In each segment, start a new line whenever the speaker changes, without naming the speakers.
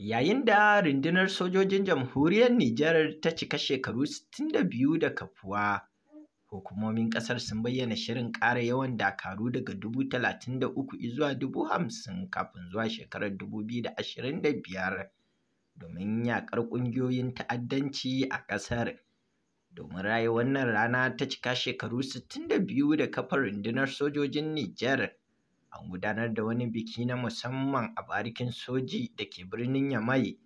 Yayin da rundunar sojojin jamhuriyar Nijar ta cika shekaru 62 da kafuwa, hukumomin ƙasar sun bayyana shirin ƙara yawan dakaru daga 33,000 zuwa 50,000 kafin zuwa shekarar 2025 domin yaƙar ƙungiyoyin ta'addanci a ƙasar. Domin raye wannan rana ta cika shekaru 62 da kafar rundunar sojojin Nijar. an gudanar da wani biki na musamman a barikin soji da ke birnin Yamai.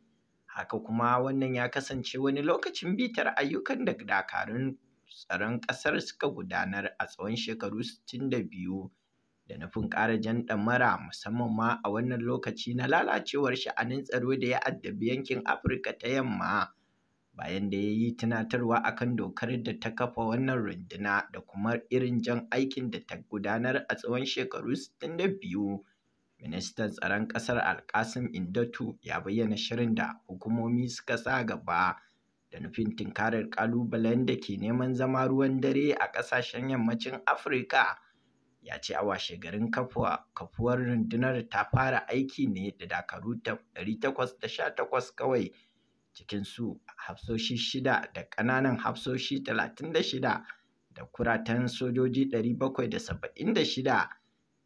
Haka kuma wannan ya kasance wani lokacin bitar ayyukan da dakarun tsaron ƙasar suka gudanar a tsawon shekaru 62 da nufin ƙara jan ɗamara musamman ma a wannan lokaci na lalacewar sha'anin tsaro da ya addabi yankin Afirka ta Yamma. bayan da ya yi tunatarwa akan dokar da ta kafa wannan runduna da kuma irin jan aikin da ta gudanar a tsawon shekaru biyu, ministan tsaron ƙasar alkasim indatu ya bayyana shirin da hukumomi suka sa gaba da nufin tunkarar ƙalubalen da ke neman zama ruwan dare a ƙasashen yammacin afirka ya ce a washegarin kafuwar rundunar ta fara aiki ne da dakaru da sha takwas kawai cikin su hafsoshi shida da ƙananan hafsoshi talatin da shida da kuratan sojoji ɗari bakwai da saba'in da shida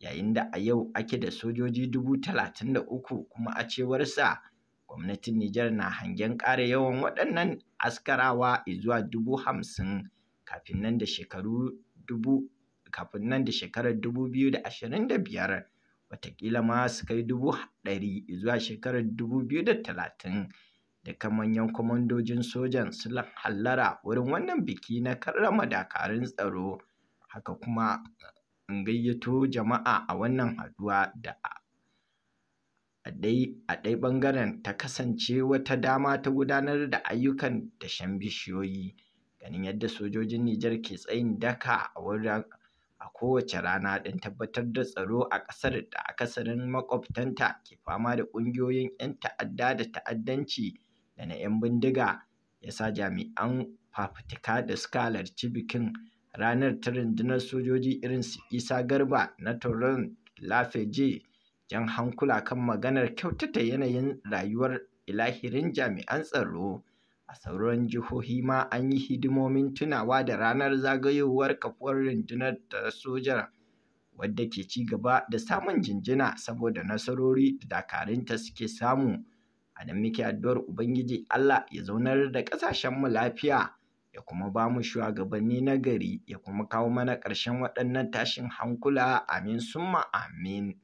yayin da a yau ake da sojoji dubu talatin da uku kuma a cewarsa gwamnatin Nijar na hangen ƙara yawan waɗannan askarawa zuwa dubu hamsin kafin nan da shekaru dubu kafin nan da shekarar dubu biyu da ashirin da biyar watakila ma su kai dubu ɗari zuwa shekarar dubu biyu da talatin Duka manyan kwamandojin sojan sun hallara wurin wannan biki na karrama dakarun tsaro. Haka kuma in gayyato jama'a a wannan haduwa da a ɗai ɓangaren ta kasance wata dama ta gudanar da ayyukan shan bishiyoyi. Ganin yadda sojojin Nijar ke tsayin daka a wurin a kowace rana don tabbatar da tsaro a ƙasar da akasarin makwabtanta ke fama da ƙungiyoyin 'yan ta'adda da ta'addanci da na 'yan bindiga ya sa jami'an fafutuka da suka halarci bikin ranar ta rundunar sojoji irin su isa garba na taron lafeje jan hankula kan maganar kyautata yanayin rayuwar ilahirin jami'an tsaro a sauran jihohi ma an yi hidimomin tunawa da ranar zagayowar kafuwar rundunar ta sojar wadda ke ci gaba da samun jinjina saboda nasarori da dakarunta suke samu a nan muke addu'ar ubangiji Allah ya zaunar da ƙasashen mu lafiya ya kuma ba mu shugabanni na gari ya kuma kawo mana ƙarshen waɗannan tashin hankula amin summa amin